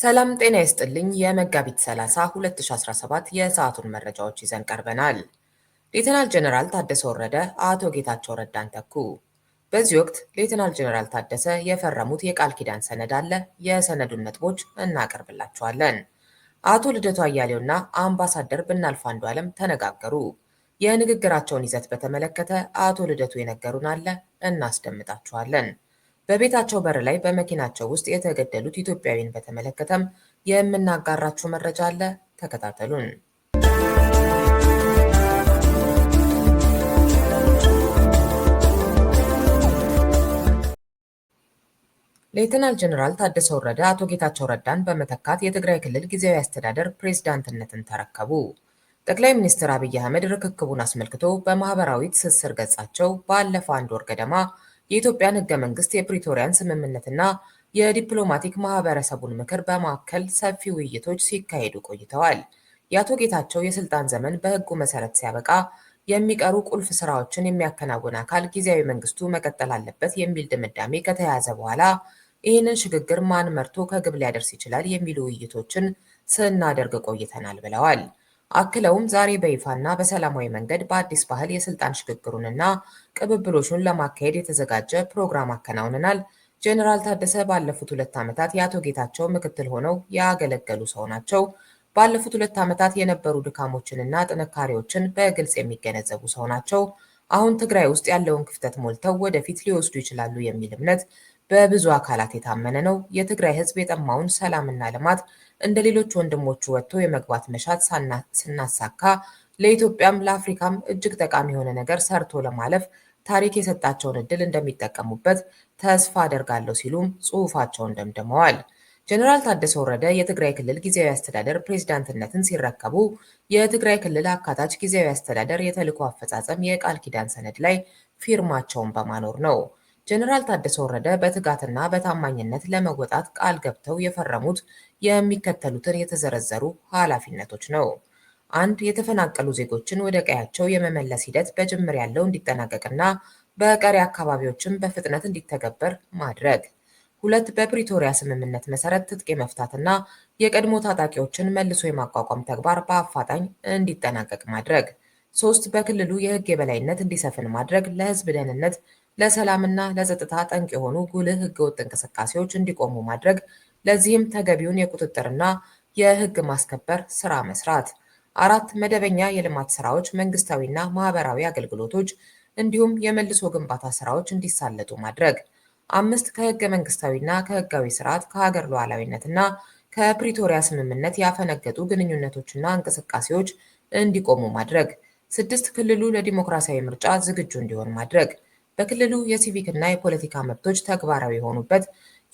ሰላም ጤና ይስጥልኝ። የመጋቢት 30 2017 የሰዓቱን መረጃዎች ይዘን ቀርበናል። ሌተናል ጀነራል ታደሰ ወረደ አቶ ጌታቸው ረዳን ተኩ። በዚህ ወቅት ሌተናል ጀነራል ታደሰ የፈረሙት የቃል ኪዳን ሰነድ አለ። የሰነዱን ነጥቦች እናቀርብላቸዋለን። አቶ ልደቱ አያሌውና አምባሳደር ብናልፍ አለም ተነጋገሩ። የንግግራቸውን ይዘት በተመለከተ አቶ ልደቱ የነገሩን አለ፣ እናስደምጣችኋለን። በቤታቸው በር ላይ በመኪናቸው ውስጥ የተገደሉት ኢትዮጵያዊን በተመለከተም የምናጋራችሁ መረጃ አለ። ተከታተሉን። ሌተናል ጀነራል ታደሰ ወረደ አቶ ጌታቸው ረዳን በመተካት የትግራይ ክልል ጊዜያዊ አስተዳደር ፕሬዝዳንትነትን ተረከቡ። ጠቅላይ ሚኒስትር አብይ አህመድ ርክክቡን አስመልክቶ በማህበራዊ ትስስር ገጻቸው ባለፈው አንድ ወር ገደማ የኢትዮጵያን ህገ መንግስት፣ የፕሪቶሪያን ስምምነትና የዲፕሎማቲክ ማህበረሰቡን ምክር በማዕከል ሰፊ ውይይቶች ሲካሄዱ ቆይተዋል። የአቶ ጌታቸው የስልጣን ዘመን በህጉ መሰረት ሲያበቃ የሚቀሩ ቁልፍ ስራዎችን የሚያከናውን አካል ጊዜያዊ መንግስቱ መቀጠል አለበት የሚል ድምዳሜ ከተያዘ በኋላ ይህንን ሽግግር ማን መርቶ ከግብ ሊያደርስ ይችላል የሚሉ ውይይቶችን ስናደርግ ቆይተናል ብለዋል። አክለውም ዛሬ በይፋና በሰላማዊ መንገድ በአዲስ ባህል የስልጣን ሽግግሩንና ቅብብሎሹን ለማካሄድ የተዘጋጀ ፕሮግራም አከናውነናል። ጄኔራል ታደሰ ባለፉት ሁለት ዓመታት የአቶ ጌታቸው ምክትል ሆነው ያገለገሉ ሰው ናቸው። ባለፉት ሁለት ዓመታት የነበሩ ድካሞችንና ጥንካሬዎችን በግልጽ የሚገነዘቡ ሰው ናቸው። አሁን ትግራይ ውስጥ ያለውን ክፍተት ሞልተው ወደፊት ሊወስዱ ይችላሉ የሚል እምነት በብዙ አካላት የታመነ ነው። የትግራይ ሕዝብ የጠማውን ሰላምና ልማት እንደ ሌሎች ወንድሞቹ ወጥቶ የመግባት መሻት ስናሳካ ለኢትዮጵያም ለአፍሪካም እጅግ ጠቃሚ የሆነ ነገር ሰርቶ ለማለፍ ታሪክ የሰጣቸውን እድል እንደሚጠቀሙበት ተስፋ አደርጋለሁ ሲሉም ጽሁፋቸውን ደምድመዋል። ጀኔራል ታደሰ ወረደ የትግራይ ክልል ጊዜያዊ አስተዳደር ፕሬዝዳንትነትን ሲረከቡ የትግራይ ክልል አካታች ጊዜያዊ አስተዳደር የተልኮ አፈጻጸም የቃል ኪዳን ሰነድ ላይ ፊርማቸውን በማኖር ነው። ጀነራል ታደሰ ወረደ በትጋትና በታማኝነት ለመወጣት ቃል ገብተው የፈረሙት የሚከተሉትን የተዘረዘሩ ኃላፊነቶች ነው። አንድ የተፈናቀሉ ዜጎችን ወደ ቀያቸው የመመለስ ሂደት በጅምር ያለው እንዲጠናቀቅና በቀሪ አካባቢዎችም በፍጥነት እንዲተገበር ማድረግ። ሁለት በፕሪቶሪያ ስምምነት መሰረት ትጥቅ የመፍታትና የቀድሞ ታጣቂዎችን መልሶ የማቋቋም ተግባር በአፋጣኝ እንዲጠናቀቅ ማድረግ። ሶስት በክልሉ የህግ የበላይነት እንዲሰፍን ማድረግ ለህዝብ ደህንነት ለሰላምና ለጸጥታ ጠንቅ የሆኑ ጉልህ ህገወጥ እንቅስቃሴዎች እንዲቆሙ ማድረግ፣ ለዚህም ተገቢውን የቁጥጥርና የህግ ማስከበር ስራ መስራት። አራት መደበኛ የልማት ስራዎች፣ መንግስታዊና ማህበራዊ አገልግሎቶች እንዲሁም የመልሶ ግንባታ ስራዎች እንዲሳለጡ ማድረግ። አምስት ከህገ መንግስታዊና ከህጋዊ ስርዓት ከሀገር ሉዓላዊነትና ከፕሪቶሪያ ስምምነት ያፈነገጡ ግንኙነቶችና እንቅስቃሴዎች እንዲቆሙ ማድረግ። ስድስት ክልሉ ለዲሞክራሲያዊ ምርጫ ዝግጁ እንዲሆን ማድረግ። በክልሉ የሲቪክ እና የፖለቲካ መብቶች ተግባራዊ የሆኑበት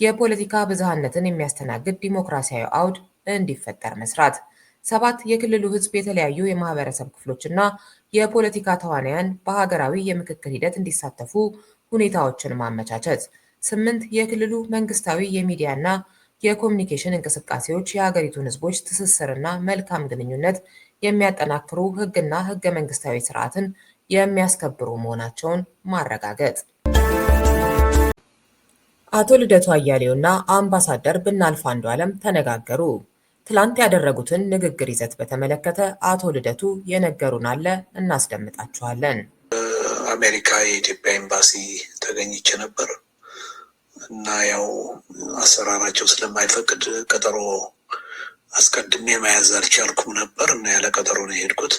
የፖለቲካ ብዝሃነትን የሚያስተናግድ ዲሞክራሲያዊ አውድ እንዲፈጠር መስራት። ሰባት የክልሉ ሕዝብ የተለያዩ የማህበረሰብ ክፍሎችና የፖለቲካ ተዋናያን በሀገራዊ የምክክር ሂደት እንዲሳተፉ ሁኔታዎችን ማመቻቸት። ስምንት የክልሉ መንግስታዊ የሚዲያና የኮሚኒኬሽን እንቅስቃሴዎች የሀገሪቱን ህዝቦች ትስስርና መልካም ግንኙነት የሚያጠናክሩ ሕግና ሕገ መንግስታዊ ስርዓትን የሚያስከብሩ መሆናቸውን ማረጋገጥ አቶ ልደቱ አያሌው እና አምባሳደር ብናልፍ አንዱ አለም ተነጋገሩ። ትላንት ያደረጉትን ንግግር ይዘት በተመለከተ አቶ ልደቱ የነገሩን አለ፣ እናስደምጣችኋለን። አሜሪካ የኢትዮጵያ ኤምባሲ ተገኝቼ ነበር እና ያው አሰራራቸው ስለማይፈቅድ ቀጠሮ አስቀድሜ መያዝ አልቻልኩም ነበር እና ያለ ቀጠሮ ነው የሄድኩት።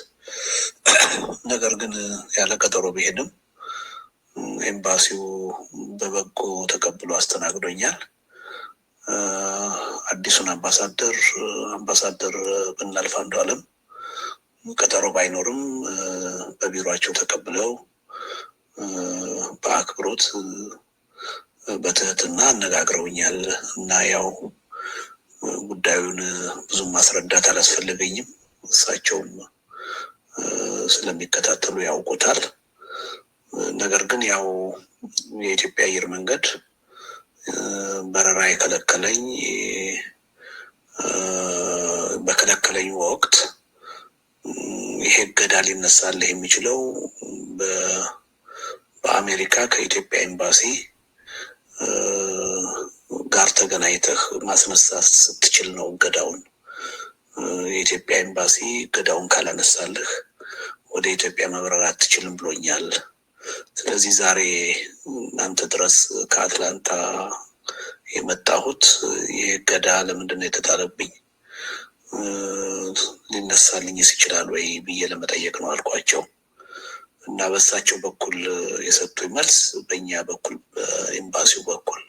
ነገር ግን ያለ ቀጠሮ ቢሄድም ኤምባሲው በበጎ ተቀብሎ አስተናግዶኛል። አዲሱን አምባሳደር አምባሳደር ብናልፍ አንዱ አለም ቀጠሮ ባይኖርም በቢሮቸው ተቀብለው በአክብሮት በትህትና አነጋግረውኛል እና ያው ጉዳዩን ብዙም ማስረዳት አላስፈልገኝም። እሳቸውም ስለሚከታተሉ ያውቁታል። ነገር ግን ያው የኢትዮጵያ አየር መንገድ በረራ የከለከለኝ በከለከለኝ ወቅት ይሄ እገዳ ሊነሳልህ የሚችለው በአሜሪካ ከኢትዮጵያ ኤምባሲ ጋር ተገናኝተህ ማስነሳት ስትችል ነው እገዳውን የኢትዮጵያ ኤምባሲ ገዳውን ካላነሳልህ ወደ ኢትዮጵያ መብረር አትችልም ብሎኛል። ስለዚህ ዛሬ እናንተ ድረስ ከአትላንታ የመጣሁት ይህ ገዳ ለምንድን ነው የተጣለብኝ? ሊነሳልኝ ይችላል ወይ ብዬ ለመጠየቅ ነው አልኳቸው እና በሳቸው በኩል የሰጡኝ መልስ በእኛ በኩል በኤምባሲው በኩል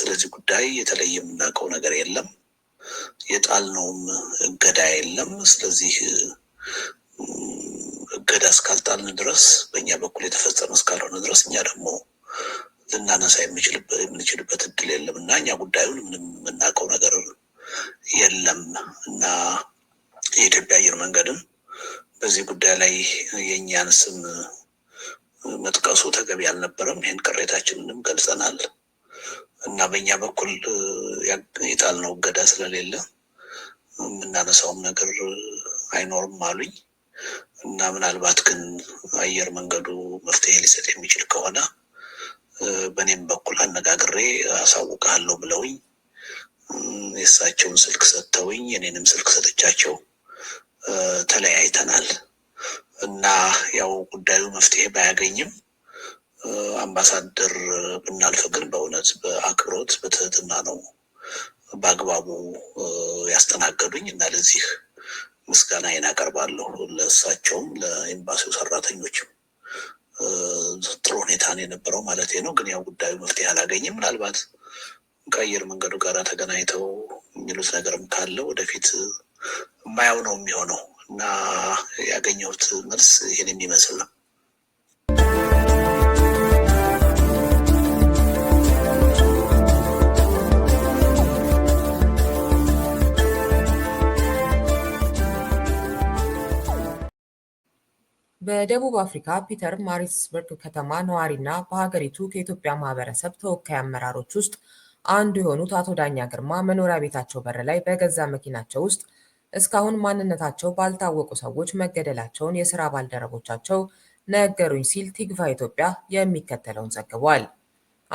ስለዚህ ጉዳይ የተለየ የምናውቀው ነገር የለም። የጣልነውም እገዳ የለም። ስለዚህ እገዳ እስካልጣልን ድረስ በእኛ በኩል የተፈጸመ እስካልሆነ ድረስ እኛ ደግሞ ልናነሳ የምንችልበት እድል የለም እና እኛ ጉዳዩን ምንም የምናውቀው ነገር የለም እና የኢትዮጵያ አየር መንገድም በዚህ ጉዳይ ላይ የእኛን ስም መጥቀሱ ተገቢ አልነበረም። ይህን ቅሬታችንንም ገልጸናል። እና በእኛ በኩል የጣልነው እገዳ ስለሌለ የምናነሳውም ነገር አይኖርም አሉኝ። እና ምናልባት ግን አየር መንገዱ መፍትሄ ሊሰጥ የሚችል ከሆነ በእኔም በኩል አነጋግሬ አሳውቃለሁ ብለውኝ የእሳቸውን ስልክ ሰጥተውኝ የኔንም ስልክ ሰጥቻቸው ተለያይተናል። እና ያው ጉዳዩ መፍትሄ ባያገኝም አምባሳደር ብናልፍ ግን በእውነት በአክብሮት በትህትና ነው በአግባቡ ያስተናገዱኝ እና ለዚህ ምስጋና ይን አቀርባለሁ። ለእሳቸውም ለኤምባሲው ሰራተኞችም ጥሩ ሁኔታ የነበረው ማለት ነው። ግን ያው ጉዳዩ መፍትሄ አላገኝም። ምናልባት ከአየር መንገዱ ጋር ተገናኝተው የሚሉት ነገርም ካለ ወደፊት የማየው ነው የሚሆነው እና ያገኘሁት መልስ ይህን የሚመስል ነው። በደቡብ አፍሪካ ፒተር ማሪስበርግ ከተማ ነዋሪና በሀገሪቱ ከኢትዮጵያ ማህበረሰብ ተወካይ አመራሮች ውስጥ አንዱ የሆኑት አቶ ዳኛ ግርማ መኖሪያ ቤታቸው በር ላይ በገዛ መኪናቸው ውስጥ እስካሁን ማንነታቸው ባልታወቁ ሰዎች መገደላቸውን የስራ ባልደረቦቻቸው ነገሩኝ ሲል ቲግቫ ኢትዮጵያ የሚከተለውን ዘግቧል።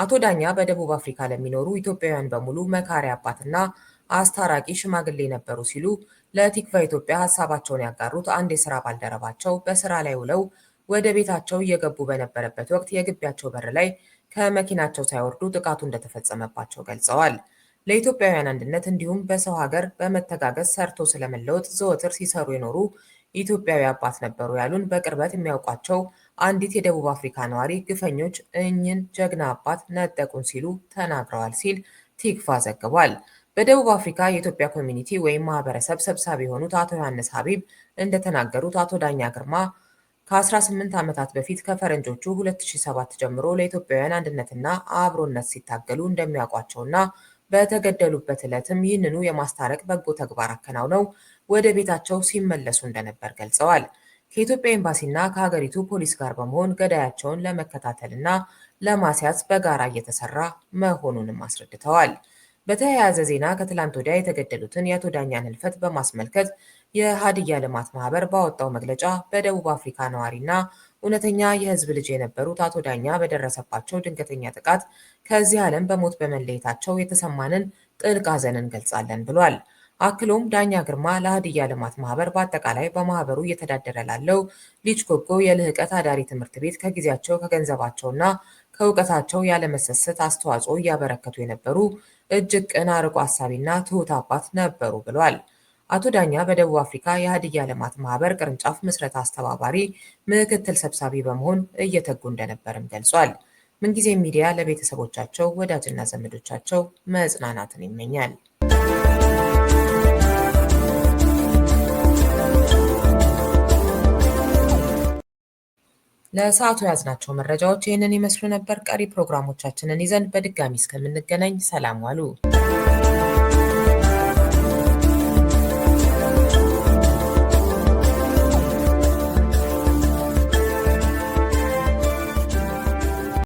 አቶ ዳኛ በደቡብ አፍሪካ ለሚኖሩ ኢትዮጵያውያን በሙሉ መካሪ አባትና አስታራቂ ሽማግሌ ነበሩ ሲሉ ለቲክቫ ኢትዮጵያ ሀሳባቸውን ያጋሩት አንድ የስራ ባልደረባቸው በስራ ላይ ውለው ወደ ቤታቸው እየገቡ በነበረበት ወቅት የግቢያቸው በር ላይ ከመኪናቸው ሳይወርዱ ጥቃቱ እንደተፈጸመባቸው ገልጸዋል። ለኢትዮጵያውያን አንድነት እንዲሁም በሰው ሀገር በመተጋገዝ ሰርቶ ስለመለወጥ ዘወትር ሲሰሩ የኖሩ ኢትዮጵያዊ አባት ነበሩ ያሉን በቅርበት የሚያውቋቸው አንዲት የደቡብ አፍሪካ ነዋሪ ግፈኞች እኝን ጀግና አባት ነጠቁን ሲሉ ተናግረዋል ሲል ቲክቫ ዘግቧል። በደቡብ አፍሪካ የኢትዮጵያ ኮሚኒቲ ወይም ማህበረሰብ ሰብሳቢ የሆኑት አቶ ዮሐንስ ሀቢብ እንደተናገሩት አቶ ዳኛ ግርማ ከ18 ዓመታት በፊት ከፈረንጆቹ 2007 ጀምሮ ለኢትዮጵያውያን አንድነትና አብሮነት ሲታገሉ እንደሚያውቋቸውና በተገደሉበት ዕለትም ይህንኑ የማስታረቅ በጎ ተግባር አከናውነው ወደ ቤታቸው ሲመለሱ እንደነበር ገልጸዋል። ከኢትዮጵያ ኤምባሲና ከሀገሪቱ ፖሊስ ጋር በመሆን ገዳያቸውን ለመከታተልና ለማስያዝ በጋራ እየተሰራ መሆኑንም አስረድተዋል። በተያያዘ ዜና ከትላንት ወዲያ የተገደሉትን የአቶ ዳኛን ህልፈት በማስመልከት የሀዲያ ልማት ማህበር ባወጣው መግለጫ በደቡብ አፍሪካ ነዋሪና እውነተኛ የህዝብ ልጅ የነበሩት አቶ ዳኛ በደረሰባቸው ድንገተኛ ጥቃት ከዚህ ዓለም በሞት በመለየታቸው የተሰማንን ጥልቅ ሐዘን እንገልጻለን ብሏል። አክሎም ዳኛ ግርማ ለሀዲያ ልማት ማህበር በአጠቃላይ በማህበሩ እየተዳደረ ላለው ልጅ ኮጎ የልህቀት አዳሪ ትምህርት ቤት ከጊዜያቸው ከገንዘባቸውና ከእውቀታቸው ያለመሰሰት አስተዋጽኦ እያበረከቱ የነበሩ እጅግ ቅን፣ አርቆ አሳቢና ትሁት አባት ነበሩ ብሏል። አቶ ዳኛ በደቡብ አፍሪካ የሀዲያ ልማት ማህበር ቅርንጫፍ ምስረት አስተባባሪ ምክትል ሰብሳቢ በመሆን እየተጉ እንደነበርም ገልጿል። ምንጊዜ ሚዲያ ለቤተሰቦቻቸው፣ ወዳጅና ዘመዶቻቸው መጽናናትን ይመኛል። ለሰዓቱ የያዝናቸው መረጃዎች ይህንን ይመስሉ ነበር። ቀሪ ፕሮግራሞቻችንን ይዘን በድጋሚ እስከምንገናኝ ሰላም ዋሉ።